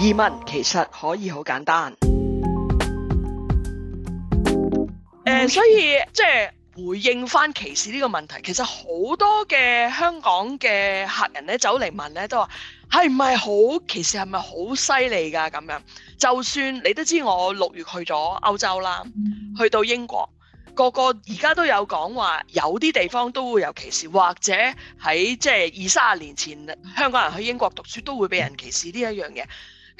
移民其實可以好簡單。呃，所以即係回應翻歧視呢個問題，其實好多嘅香港嘅客人咧走嚟問咧，都話係唔係好歧視是是，係咪好犀利㗎？咁樣就算你都知，我六月去咗歐洲啦，去到英國，個個而家都有講話，有啲地方都會有歧視，或者喺即係二三十年前香港人去英國讀書都會畀人歧視呢一樣嘢。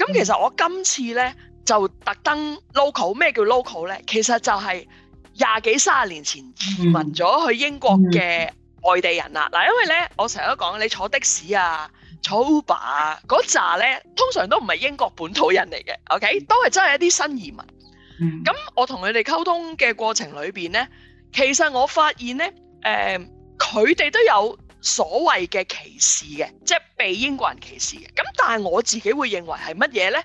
咁、嗯、其實我今次呢，就特登 local 咩叫 local 呢？其實就係廿幾三十年前移民咗去英國嘅外地人啦。嗱、嗯，嗯、因為呢，我成日都講你坐的士啊、坐 Uber 嗰、啊、扎呢，通常都唔係英國本土人嚟嘅。OK，都係真係一啲新移民。咁、嗯、我同佢哋溝通嘅過程裏邊呢，其實我發現呢，誒佢哋都有。所謂嘅歧視嘅，即係被英國人歧視嘅。咁但係我自己會認為係乜嘢呢？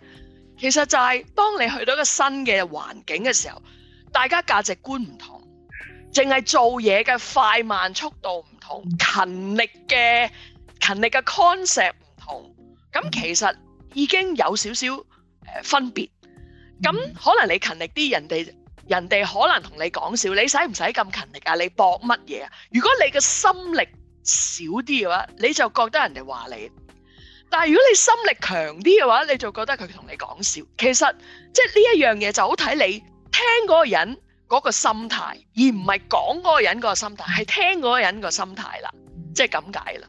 其實就係當你去到一個新嘅環境嘅時候，大家價值觀唔同，淨係做嘢嘅快慢速度唔同，勤力嘅勤力嘅 concept 唔同。咁其實已經有少少分別。咁、嗯、可能你勤力啲，人哋人哋可能同你講笑，你使唔使咁勤力啊？你搏乜嘢啊？如果你嘅心力少啲嘅話，你就覺得人哋話你；但係如果你心力強啲嘅話，你就覺得佢同你講笑。其實即係呢一樣嘢就好睇你聽嗰個人嗰個心態，而唔係講嗰個人嗰個心態，係聽嗰個人個心態啦，就是、是即係咁解啦。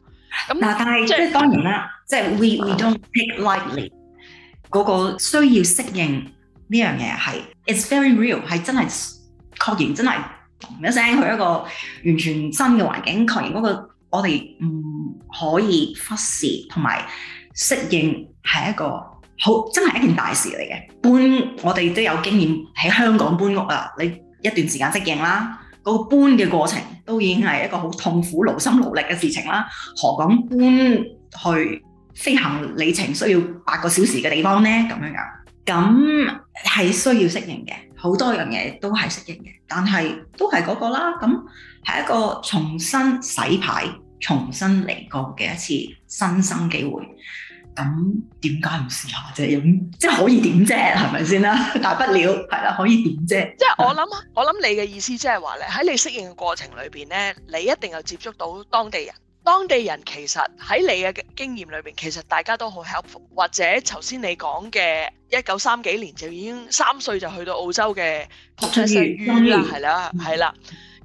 咁但係即當然啦，即係 we, we don't pick lightly 嗰、uh、個需要適應呢樣嘢係，it's very real 係真係確認真係一聲去一個完全新嘅環境，確認嗰、那個。我哋唔可以忽視同埋適應，係一個好真係一件大事嚟嘅。搬，我哋都有經驗喺香港搬屋啊！你一段時間適應啦，嗰個搬嘅過程都已經係一個好痛苦勞心勞力嘅事情啦。何講搬去飛行里程需要八個小時嘅地方呢？咁樣樣，咁係需要適應嘅。好多樣嘢都係適應嘅，但係都係嗰個啦。咁係一個重新洗牌、重新嚟過嘅一次新生機會。咁點解唔試下啫？咁即係可以點啫？係咪先啦？ 大不了係啦，可以點啫？即係我諗，我諗你嘅意思即係話咧，喺你適應嘅過程裏邊咧，你一定要接觸到當地人。當地人其實喺你嘅經驗裏邊，其實大家都好 helpful，或者頭先你講嘅一九三幾年就已經三歲就去到澳洲嘅卓俊宇啦，係啦、嗯，係啦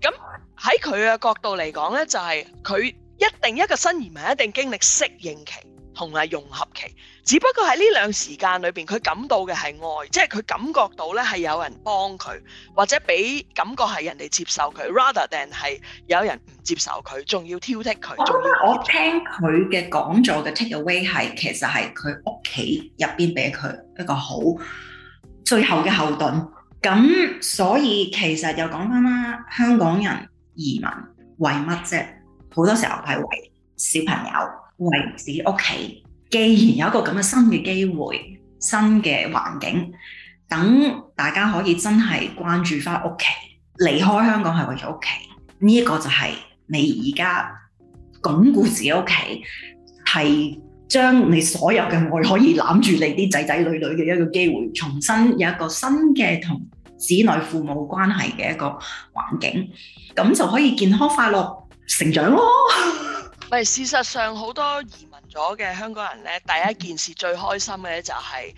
的。咁喺佢嘅角度嚟講呢就係、是、佢一定一個新移民一定經歷適應期。同埋融合期，只不過喺呢兩時間裏邊，佢感到嘅係愛，即係佢感覺到咧係有人幫佢，或者俾感覺係人哋接受佢，rather than 係有人唔接受佢，仲要挑剔佢。我覺好我聽佢嘅講座嘅 take away 係其實係佢屋企入邊俾佢一個好最後嘅後盾。咁所以其實又講返啦，香港人移民為乜啫？好多時候係為小朋友。為自己屋企，既然有一個咁嘅新嘅機會、新嘅環境，等大家可以真係關注翻屋企，離開香港係為咗屋企，呢一個就係你而家鞏固自己屋企，係將你所有嘅愛可以攬住你啲仔仔女女嘅一個機會，重新有一個新嘅同子女父母關係嘅一個環境，咁就可以健康快樂成長咯。喂，事實上，好多移民咗嘅香港人呢，第一件事最開心嘅呢就係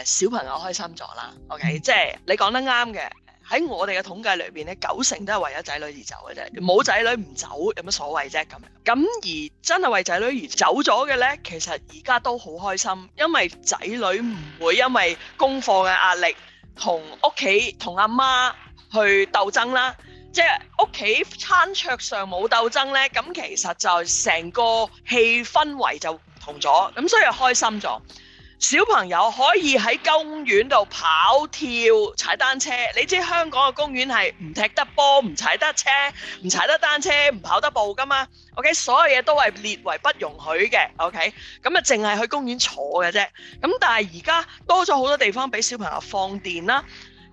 誒小朋友開心咗啦。OK，即係你講得啱嘅。喺我哋嘅統計裏邊呢，九成都係為咗仔女而走嘅啫，冇仔女唔走有乜所謂啫咁。咁而真係為仔女而走咗嘅呢，其實而家都好開心，因為仔女唔會因為功課嘅壓力同屋企同阿媽去鬥爭啦。即係屋企餐桌上冇鬥爭呢，咁其實就成個氣氛圍就唔同咗，咁所以就開心咗。小朋友可以喺公園度跑跳、踩單車。你知香港嘅公園係唔踢得波、唔踩得車、唔踩得單車、唔跑得步㗎嘛？OK，所有嘢都係列為不容許嘅。OK，咁啊，淨係去公園坐嘅啫。咁但係而家多咗好多地方俾小朋友放電啦。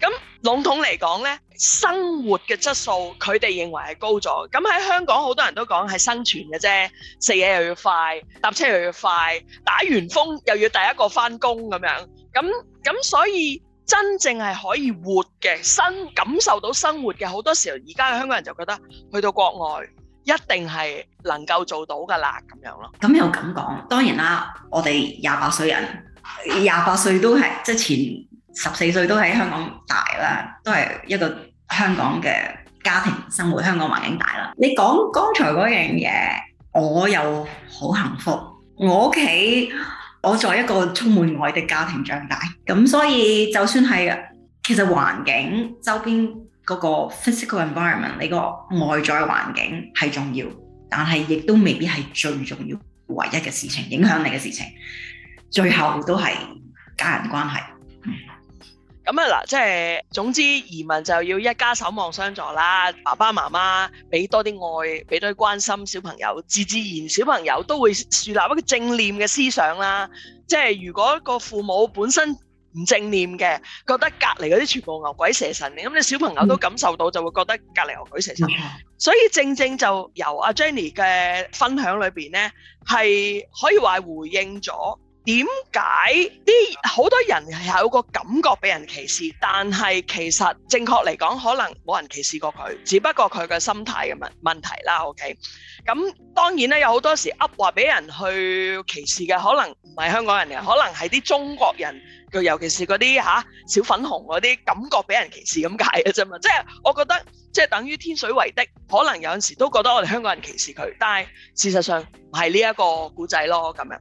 咁籠統嚟講呢，生活嘅質素佢哋認為係高咗。咁喺香港好多人都講係生存嘅啫，食嘢又要快，搭車又要快，打完風又要第一個翻工，咁樣。咁咁所以真正係可以活嘅生感受到生活嘅好多時候，而家嘅香港人就覺得去到國外一定係能夠做到噶啦咁樣咯。咁又咁講，當然啦，我哋廿八歲人，廿八歲都係即前。十四歲都喺香港大啦，都係一個香港嘅家庭生活，香港環境大啦。你講剛才嗰樣嘢，我又好幸福。我屋企，我在一個充滿愛的家庭長大，咁所以就算係其實環境周邊嗰個 physical environment，你個外在環境係重要，但係亦都未必係最重要、唯一嘅事情，影響你嘅事情，最後都係家人關係。咁啊嗱，即係總之，移民就要一家守望相助啦。爸爸媽媽俾多啲愛俾多啲關心，小朋友自自然，小朋友都會樹立一個正念嘅思想啦。即係如果個父母本身唔正念嘅，覺得隔離嗰啲全部牛鬼蛇神，咁你小朋友都感受到就會覺得隔離牛鬼蛇神。嗯。所以正正就由阿 Jenny 嘅分享裏邊咧，係可以話回應咗。點解啲好多人係有個感覺俾人歧視，但係其實正確嚟講，可能冇人歧視過佢，只不過佢嘅心態嘅問問題啦。OK，咁當然咧，有好多時 up 話俾人去歧視嘅，可能唔係香港人嘅，可能係啲中國人。尤其是嗰啲嚇小粉紅嗰啲，感覺俾人歧視咁解嘅啫嘛，即係我覺得即係等於天水圍的，可能有陣時都覺得我哋香港人歧視佢，但係事實上唔係呢一個古仔咯咁樣。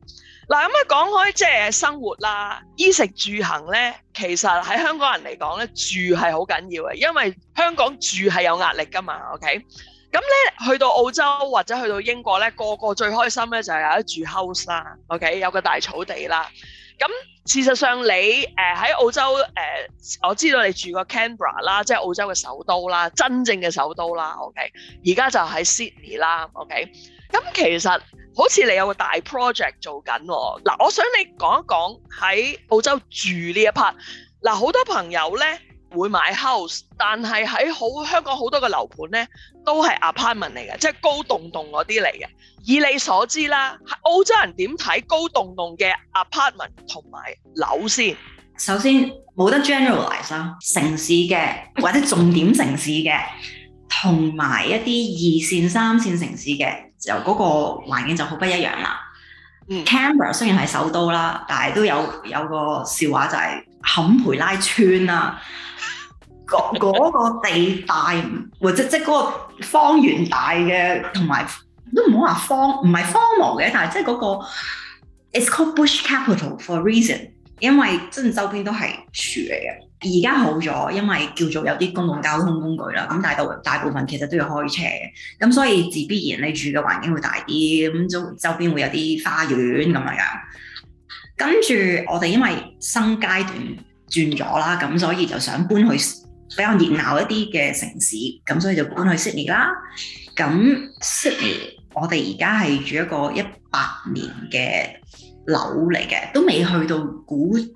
嗱咁啊、嗯、講開即係生活啦，衣食住行咧，其實喺香港人嚟講咧，住係好緊要嘅，因為香港住係有壓力噶嘛。OK，咁咧去到澳洲或者去到英國咧，個個最開心咧就係有得住 house 啦。OK，有個大草地啦。咁事實上你，你誒喺澳洲誒、呃，我知道你住過 Canberra 啦，即係澳洲嘅首都啦，真正嘅首都啦。OK，而家就喺 Sydney 啦。OK，咁其實好似你有個大 project 做緊、啊、喎。嗱，我想你講一講喺澳洲住呢一 part。嗱，好多朋友咧。會買 house，但係喺好香港好多個樓盤咧，都係 apartment 嚟嘅，即係高棟棟嗰啲嚟嘅。以你所知啦，澳洲人點睇高棟棟嘅 apartment 同埋樓先？首先冇得 generalise 城市嘅或者重點城市嘅，同埋一啲二線、三線城市嘅，就嗰個環境就好不一樣啦。嗯、Canberra 雖然係首都啦，但係都有有個笑話就係、是。坎培拉村啊，嗰個，個地大，或者即嗰、就是、個方圓大嘅，同埋都唔好話方，唔係荒蕪嘅，但係即嗰個，It's called Bush Capital for a reason，因為真係周邊都係樹嚟嘅。而家好咗，因為叫做有啲公共交通工具啦，咁大部大部分其實都要開車嘅，咁所以自必然你住嘅環境會大啲，咁周周邊會有啲花園咁樣。跟住我哋因為新階段轉咗啦，咁所以就想搬去比較熱鬧一啲嘅城市，咁所以就搬去悉尼啦。咁悉尼我哋而家係住一個一百年嘅樓嚟嘅，都未去到古蹟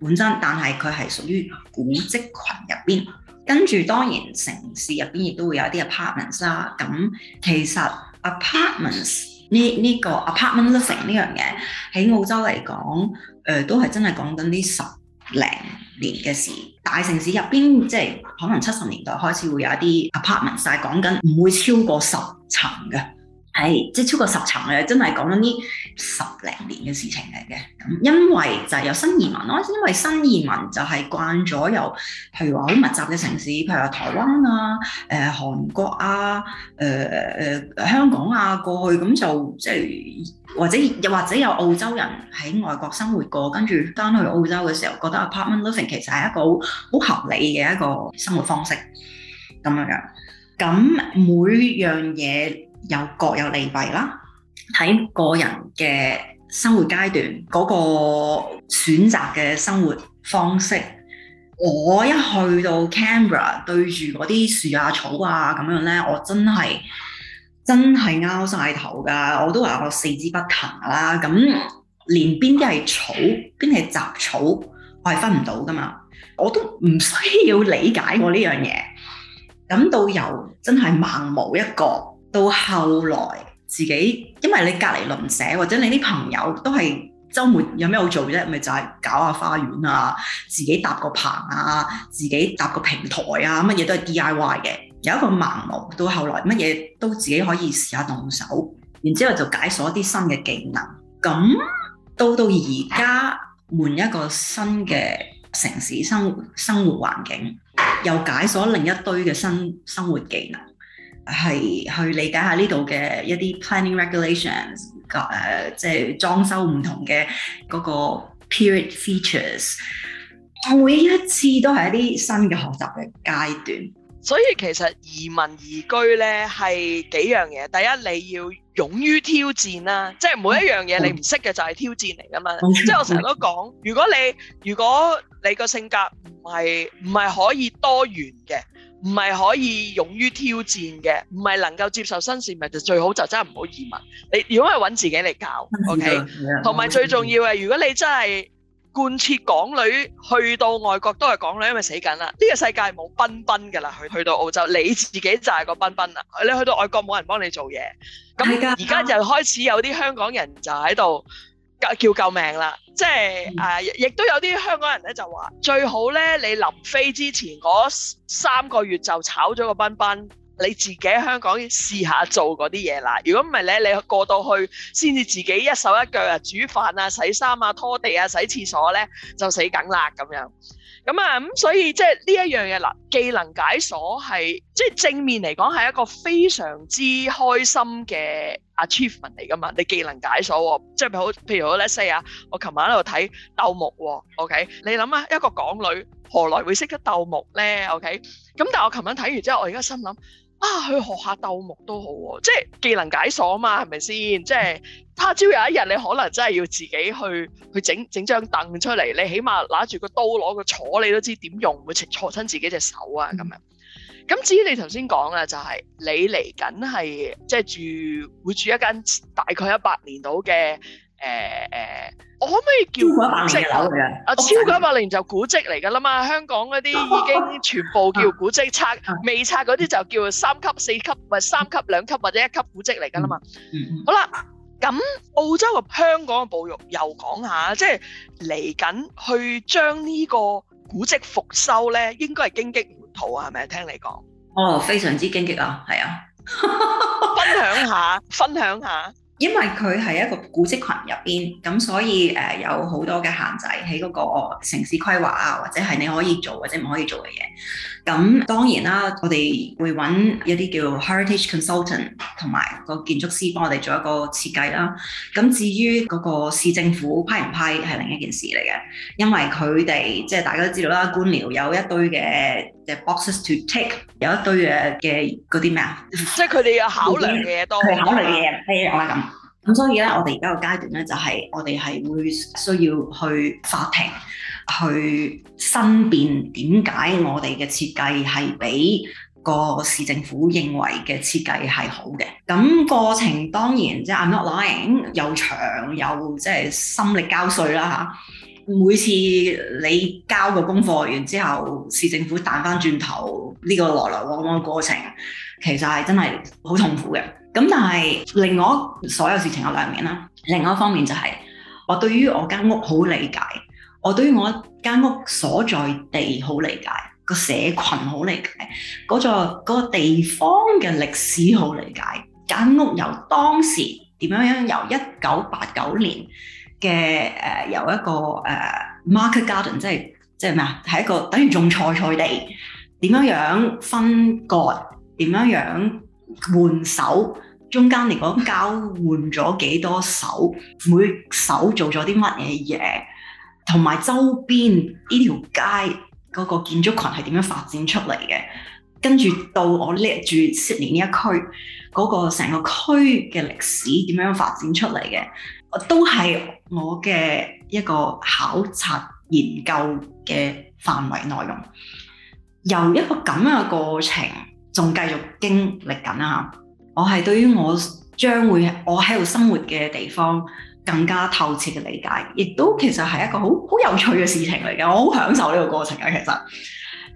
本身，但係佢係屬於古蹟群入邊。跟住當然城市入邊亦都會有一啲 apartments 啦。咁其實 apartments 呢呢、這個 apartment listing 呢樣嘢喺澳洲嚟講，誒、呃、都係真係講緊呢十零年嘅事。大城市入邊，即係可能七十年代開始會有一啲 apartment 曬，講緊唔會超過十層嘅。係，即係超過十層嘅，真係講緊呢十零年嘅事情嚟嘅。咁因為就係有新移民咯，因為新移民就係慣咗有，譬如話好密集嘅城市，譬如話台灣啊、誒、呃、韓國啊、誒、呃、誒香港啊過去就，咁就即係或者又或者有澳洲人喺外國生活過，跟住翻去澳洲嘅時候，覺得 apartment living 其實係一個好合理嘅一個生活方式咁樣樣。咁每樣嘢。有各有利弊啦，睇個人嘅生活階段嗰個選擇嘅生活方式。我一去到 Canberra 對住嗰啲樹啊草啊咁樣咧，我真係真係拗晒頭噶！我都話我四肢不勤啦，咁連邊啲係草，邊係雜草，我係分唔到噶嘛！我都唔需要理解我呢樣嘢，咁到又真係盲無一個。到後來自己，因為你隔離鄰舍或者你啲朋友都係週末有咩好做啫？咪就係搞下花園啊，自己搭個棚啊，自己搭個平台啊，乜嘢都係 DIY 嘅。有一個盲毛，到後來乜嘢都自己可以試下動手，然之後就解鎖一啲新嘅技能。咁到到而家換一個新嘅城市生活生活環境，又解鎖另一堆嘅新生活技能。係去理解下呢度嘅一啲 planning regulations，誒即係裝修唔同嘅嗰個 period features。每一次都係一啲新嘅學習嘅階段，所以其實移民移居咧係幾樣嘢。第一，你要勇於挑戰啦、啊，即係每一樣嘢你唔識嘅就係挑戰嚟噶嘛。 即係我成日都講，如果你如果你個性格唔係唔係可以多元嘅。唔係可以勇於挑戰嘅，唔係能夠接受新事物，就最好就真係唔好移民。你如果係揾自己嚟搞，OK。同埋最重要係，如果你真係貫徹港女去到外國都係港女，因為死緊啦。呢個世界冇賓賓㗎啦，去去到澳洲，你自己就係個賓賓啦。你去到外國冇人幫你做嘢，咁而家就開始有啲香港人就喺度。叫救命啦！即係誒、呃，亦都有啲香港人咧就話，最好咧你臨飛之前嗰三個月就炒咗個賓賓，你自己喺香港試下做嗰啲嘢啦。如果唔係咧，你過到去先至自己一手一腳啊，煮飯啊、洗衫啊、拖地啊、洗廁所咧，就死梗啦咁樣。咁啊，咁、嗯、所以即係呢一樣嘢嗱，技能解鎖係即係正面嚟講係一個非常之開心嘅 achievement 嚟噶嘛，你技能解鎖喎、哦，即係譬如譬如 let's say 啊，我琴晚喺度睇鬥木喎、哦，OK？你諗下一個港女何來會識得鬥木咧？OK？咁但係我琴晚睇完之後，我而家心諗。啊，去學下鬥木都好喎、啊，即係技能解鎖嘛，係咪先？即係他朝有一日，你可能真係要自己去去整整張凳出嚟，你起碼拿住個刀攞個坐，你都知點用，唔會切親自己隻手啊咁、嗯、樣。咁至於你頭先講啊，就係你嚟緊係即係住會住一間大概一百年到嘅。誒誒、欸，我可唔可以叫古蹟啊？哦、啊，超過一百年就古蹟嚟噶啦嘛。香港嗰啲已經全部叫古蹟拆，未拆嗰啲就叫三級、四級，或係三級、兩級或者一級古蹟嚟噶啦嘛嗯。嗯。好啦，咁澳洲嘅香港嘅保育又講下，即係嚟緊去將呢個古蹟復修咧，應該係荊棘唔同啊？係咪？聽你講。哦，非常之荊棘啊，係啊。分享下，分享下。因為佢係一個古蹟群入邊，咁所以誒、呃、有好多嘅限制喺嗰個城市規劃啊，或者係你可以做或者唔可以做嘅嘢。咁當然啦，我哋會揾一啲叫 heritage consultant 同埋個建築師幫我哋做一個設計啦。咁至於嗰個市政府批唔批係另一件事嚟嘅，因為佢哋即係大家都知道啦，官僚有一堆嘅嘅 boxes to tick，有一堆嘅嘅嗰啲咩啊？即係佢哋要考量嘅嘢多，佢考慮嘅嘢我啦咁。咁所以咧，我哋而家個階段咧就係、係、我哋係會需要去法庭。去申辯點解我哋嘅設計係俾個市政府認為嘅設計係好嘅，咁過程當然即係 I'm not lying，又長又即係心力交瘁啦吓。每次你交個功課完之後，市政府彈翻轉頭，呢個來來往往過程，其實係真係好痛苦嘅。咁但係另外所有事情有兩面啦，另外一方面就係我對於我間屋好理解。我對於我間屋所在地好理解，個社群好理解，嗰座嗰個地方嘅歷史好理解。間屋由當時點樣樣，由一九八九年嘅誒，由一個誒、呃、Market Garden，即係即係咩啊？係、就是、一個等於種菜菜地，點樣樣分割，點樣樣換手，中間嚟講交換咗幾多手，每手做咗啲乜嘢嘢？同埋周邊呢條街嗰個建築群係點樣發展出嚟嘅？跟住到我叻住悉尼呢一區嗰個成個區嘅歷史點樣發展出嚟嘅？都係我嘅一個考察研究嘅範圍內容。由一個咁樣嘅過程，仲繼續經歷緊啊。我係對於我將會我喺度生活嘅地方，更加透徹嘅理解，亦都其實係一個好好有趣嘅事情嚟嘅。我好享受呢個過程呀，其實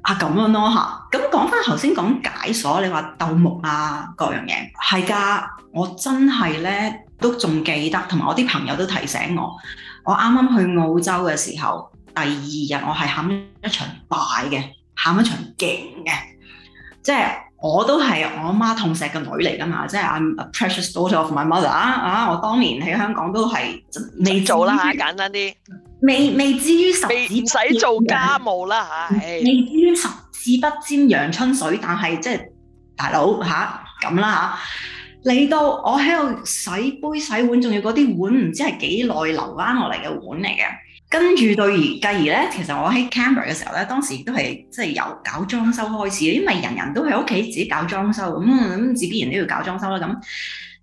啊，咁樣咯嚇。咁講返頭先講解鎖，你話鬥木啊、各樣嘢係㗎，我真係咧都仲記得，同埋我啲朋友都提醒我，我啱啱去澳洲嘅時候，第二日我係喊一場大嘅，喊一場勁嘅，即係。我都係我阿媽痛錫嘅女嚟㗎嘛，即係 I'm a precious daughter of my mother 啊！啊，我當年喺香港都係未做啦嚇，簡單啲，未未至於十指唔使做家務啦嚇，未至於十指不沾陽春水，但係即係大佬吓，咁啦吓，啊，嚟到我喺度洗杯洗碗，仲要嗰啲碗唔知係幾耐留翻落嚟嘅碗嚟嘅。跟住到而繼而咧，其實我喺 camera 嘅時候咧，當時都係即係由搞裝修開始，因為人人都喺屋企自己搞裝修，咁、嗯、咁自己人都要搞裝修啦。咁、嗯、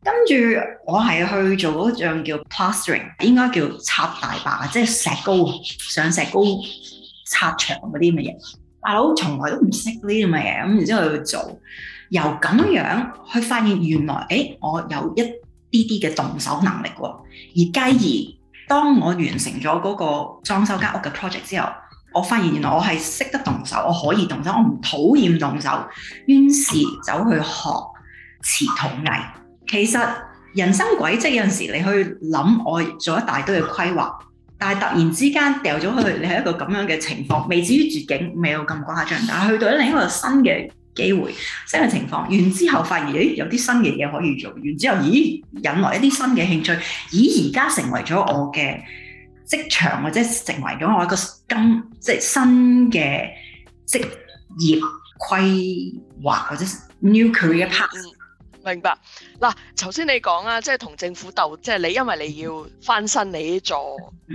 跟住我係去做嗰樣叫 plastering，應該叫拆大白，即係石膏上石膏拆牆嗰啲咁嘅嘢。大佬從來都唔識呢啲咁嘅嘢，咁然之後去做，由咁樣去發現原來誒我有一啲啲嘅動手能力喎、哦，而繼而。當我完成咗嗰個裝修間屋嘅 project 之後，我發現原來我係識得動手，我可以動手，我唔討厭動手。於是走去學瓷陶藝。其實人生軌跡有陣時，你去諗我做一大堆嘅規劃，但係突然之間掉咗去，你係一個咁樣嘅情況，未至於絕境，未有咁誇張，但係去到另一個新嘅，機會，新嘅情況，然之後發現，咦，有啲新嘅嘢可以做，然之後，咦，引來一啲新嘅興趣，咦，而家成為咗我嘅職場，或者成為咗我一個新，即係新嘅職業規劃，或者 new career path、嗯。明白。嗱，頭先你講啊，即係同政府鬥，即、就、係、是、你因為你要翻新你座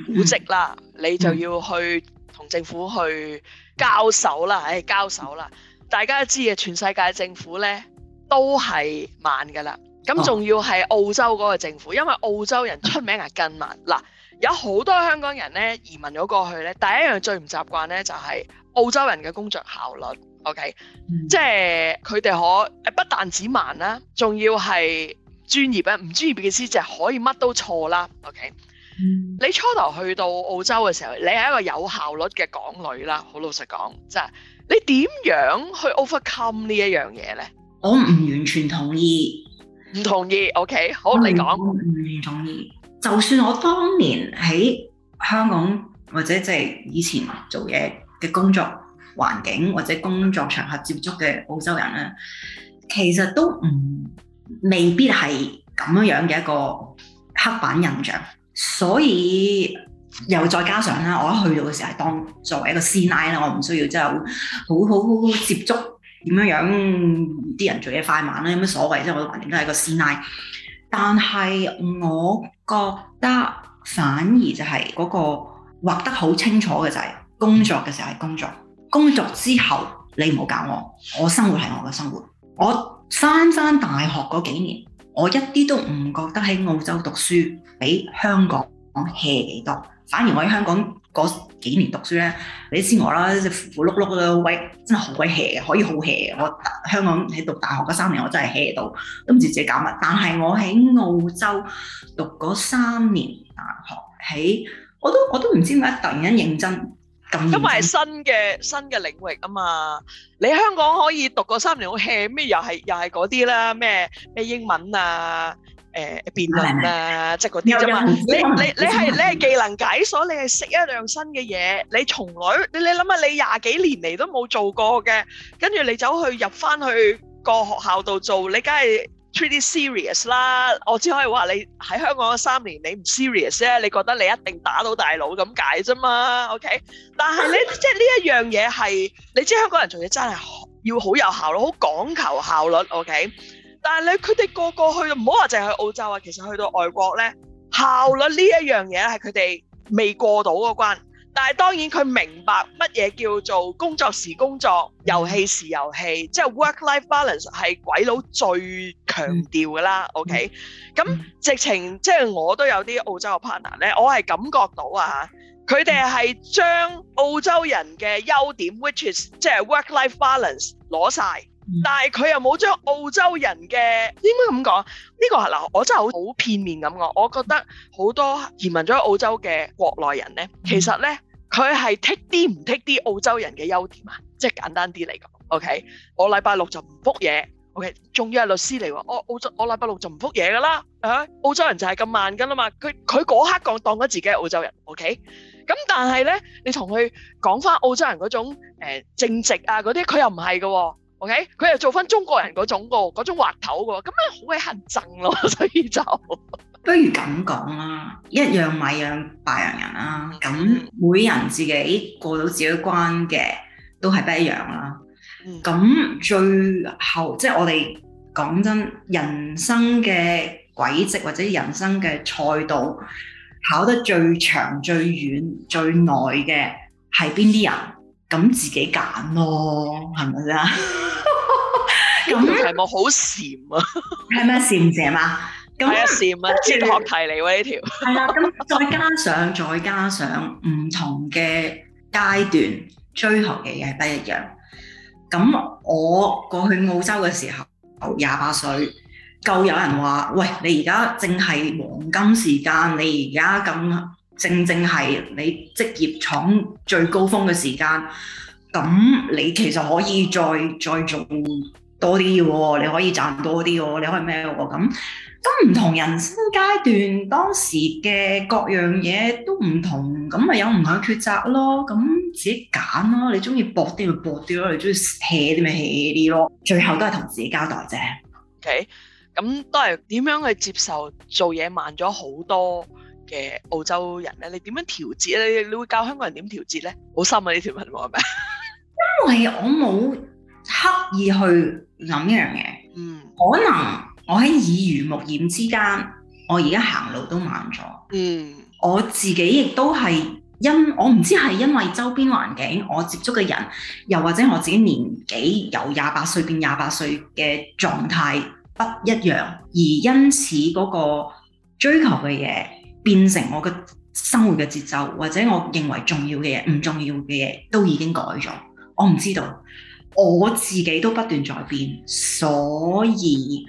古蹟啦，嗯、你就要去同、嗯、政府去交手啦，唉、哎，交手啦。大家都知嘅，全世界政府呢都係慢噶啦。咁仲要係澳洲嗰個政府，啊、因為澳洲人出名係更慢。嗱，有好多香港人呢移民咗過去呢，第一樣最唔習慣呢就係、是、澳洲人嘅工作效率。OK，、嗯、即係佢哋可誒不但止慢啦，仲要係專業啊，唔專業嘅意思就係可以乜都錯啦。OK，、嗯、你初頭去到澳洲嘅時候，你係一個有效率嘅港女啦。好老實講，即係。你點樣去 overcome 呢一樣嘢咧？我唔完全同意，唔 同意。OK，好，我不你講，唔完全同意。就算我當年喺香港或者即係以前做嘢嘅工作環境或者工作場合接觸嘅澳洲人咧，其實都唔未必係咁樣樣嘅一個刻板印象，所以。又再加上啦，我一去到嘅時候係當作為一個師奶啦，我唔需要即係好好好接觸點樣樣啲人做嘢，快慢啦，有乜所謂？即係我橫掂都係個師奶。但係我覺得反而就係嗰個劃得好清楚嘅，就係工作嘅時候係工作，工作之後你唔好搞我，我生活係我嘅生活。我返返大學嗰幾年，我一啲都唔覺得喺澳洲讀書比香港 hea 幾多。反而我喺香港嗰幾年讀書咧，你知我啦，糊糊碌碌嘅喂，真係好鬼 hea 嘅，可以好 hea 嘅。我香港喺讀大學嘅三年，我真係 hea 到，都唔知自己搞乜。但係我喺澳洲讀嗰三年大學，喺我都我都唔知點解突然間認真咁，因為係新嘅新嘅領域啊嘛。你香港可以讀嗰三年好 hea，咩又係又係嗰啲啦，咩咩英文啊？誒辯論啦，即係嗰啲啫嘛。你你你係你係技能解鎖，你係識一樣新嘅嘢。你從來你你諗下，你廿幾年嚟都冇做過嘅，跟住你走去入翻去個學校度做，你梗係 pretty serious 啦。我只可以話你喺香港三年，你唔 serious 咧，你覺得你一定打到大佬咁解啫嘛。OK，但係咧，即係呢一樣嘢係你知香港人做嘢真係要好有效率，好講求效率。OK。但係佢哋個個去到，唔好話淨係去澳洲啊，其實去到外國咧，效率呢一樣嘢係佢哋未過到個關。但係當然佢明白乜嘢叫做工作時工作、遊戲時遊戲，即係 work-life balance 係鬼佬最強調㗎啦。OK，咁直情即係我都有啲澳洲嘅 partner 咧，我係感覺到啊，佢哋係將澳洲人嘅優點，which is 即係 work-life balance 攞晒。但係佢又冇將澳洲人嘅應該咁講，呢個係，嗱，我真係好片面咁講。我覺得好多移民咗去澳洲嘅國內人咧，其實咧，佢係剔啲唔剔啲澳洲人嘅優點啊，即係簡單啲嚟講，OK。我禮拜六就唔覆嘢，OK。仲要係律師嚟喎，我澳洲我禮拜六就唔覆嘢㗎啦，啊澳洲人就係咁慢㗎啦嘛。佢佢嗰刻講當咗自己係澳洲人，OK。咁但係咧，你同佢講翻澳洲人嗰種呃，正直啊嗰啲，佢又唔係㗎喎。OK，佢又做翻中國人嗰種個，嗰種滑頭個，咁樣好鬼恆爭咯，所以就不如咁講啦，一樣米養百樣人啦、啊，咁每人自己過到自己的關嘅都係不一樣啦。咁、嗯、最後即係我哋講真，人生嘅軌跡或者人生嘅賽道跑得最長、最遠、最耐嘅係邊啲人？咁自己揀咯，係咪先？咁題目好禪啊，係咪禪謝嘛？咁啊禪啊，哲學題嚟喎呢條。係 啊，咁再加上再加上唔同嘅階段追學嘅嘢係不一樣。咁我過去澳洲嘅時候，廿八歲，夠有人話，喂，你而家正係黃金時間，你而家咁。正正係你職業闖最高峰嘅時間，咁你其實可以再再做多啲喎、哦，你可以賺多啲喎、哦，你可以咩喎？咁咁唔同人生階段，當時嘅各樣嘢都唔同，咁咪有唔同嘅抉擇咯。咁自己揀咯，你中意搏啲咪搏啲咯，你中意 hea 啲咪 hea 啲咯。最後都係同自己交代啫。OK，咁都係點樣去接受做嘢慢咗好多嘅澳洲人咧，你點樣調節咧？你會教香港人點調節咧？好深啊！呢條問話係咪？因為我冇刻意去諗一樣嘢，嗯，可能我喺耳濡目染之間，我而家行路都慢咗，嗯，我自己亦都係因我唔知係因為周邊環境，我接觸嘅人，又或者我自己年紀由廿八歲變廿八歲嘅狀態不一樣，而因此嗰個追求嘅嘢。變成我嘅生活嘅節奏，或者我認為重要嘅嘢、唔重要嘅嘢都已經改咗。我唔知道，我自己都不斷在變，所以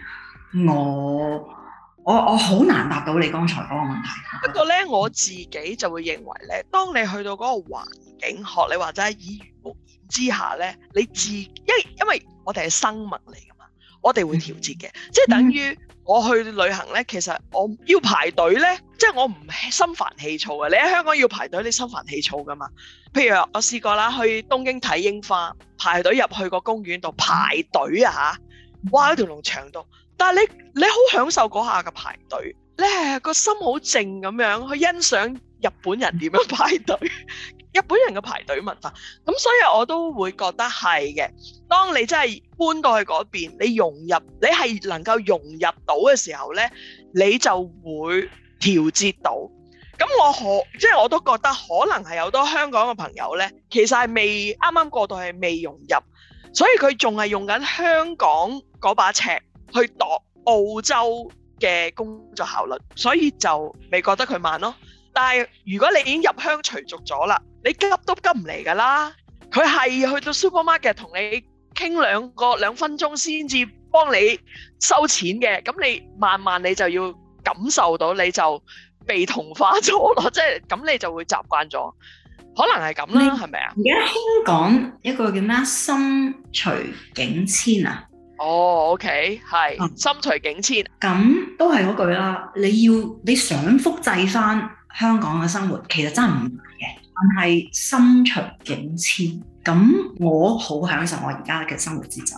我我我好難答到你剛才嗰個問題。不過咧，我自己就會認為咧，當你去到嗰個環境學，你或者係耳濡目染之下咧，你自己因為我哋係生物嚟噶嘛，我哋會調節嘅，嗯、即係等於。我去旅行呢，其實我要排隊呢，即係我唔心煩氣躁嘅。你喺香港要排隊，你心煩氣躁噶嘛？譬如我試過啦，去東京睇櫻花，排隊入去個公園度排隊啊嚇，哇！條龍長到，但係你你好享受嗰下嘅排隊咧，你個心好靜咁樣去欣賞日本人點樣排隊。 日本人嘅排隊文化，咁所以我都會覺得係嘅。當你真係搬到去嗰邊，你融入，你係能夠融入到嘅時候呢，你就會調節到。咁我可即係我都覺得可能係有多香港嘅朋友呢，其實係未啱啱過渡，係未融入，所以佢仲係用緊香港嗰把尺去度澳洲嘅工作效率，所以就未覺得佢慢咯。但係如果你已經入鄉隨俗咗啦，你急都急唔嚟噶啦。佢係去到 supermarket 同你傾兩個兩分鐘先至幫你收錢嘅。咁你慢慢你就要感受到你就被同化咗咯，即係咁你就會習慣咗。可能係咁啦，係咪啊？而家香港一個叫咩心隨境遷啊？哦，OK，係、嗯、心隨境遷。咁都係嗰句啦。你要你想複製翻香港嘅生活其實真係唔難嘅，但係心隨境遷。咁我好享受我而家嘅生活節奏，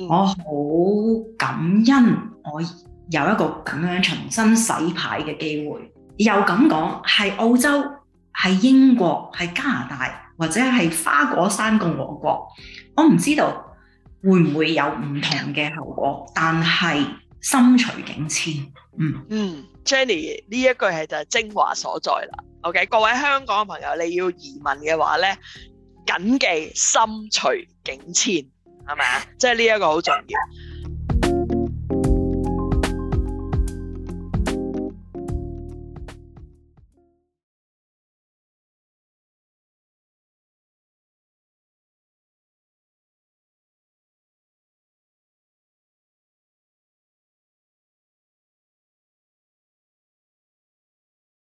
嗯、我好感恩我有一個咁樣重新洗牌嘅機會。又咁講，係澳洲、係英國、係加拿大或者係花果山共和國，我唔知道會唔會有唔同嘅後果，但係。心隨境遷，嗯嗯，Jenny 呢一句係就係精華所在啦。OK，各位香港嘅朋友，你要移民嘅話咧，緊記心隨境遷，係咪啊？ 即係呢一個好重要。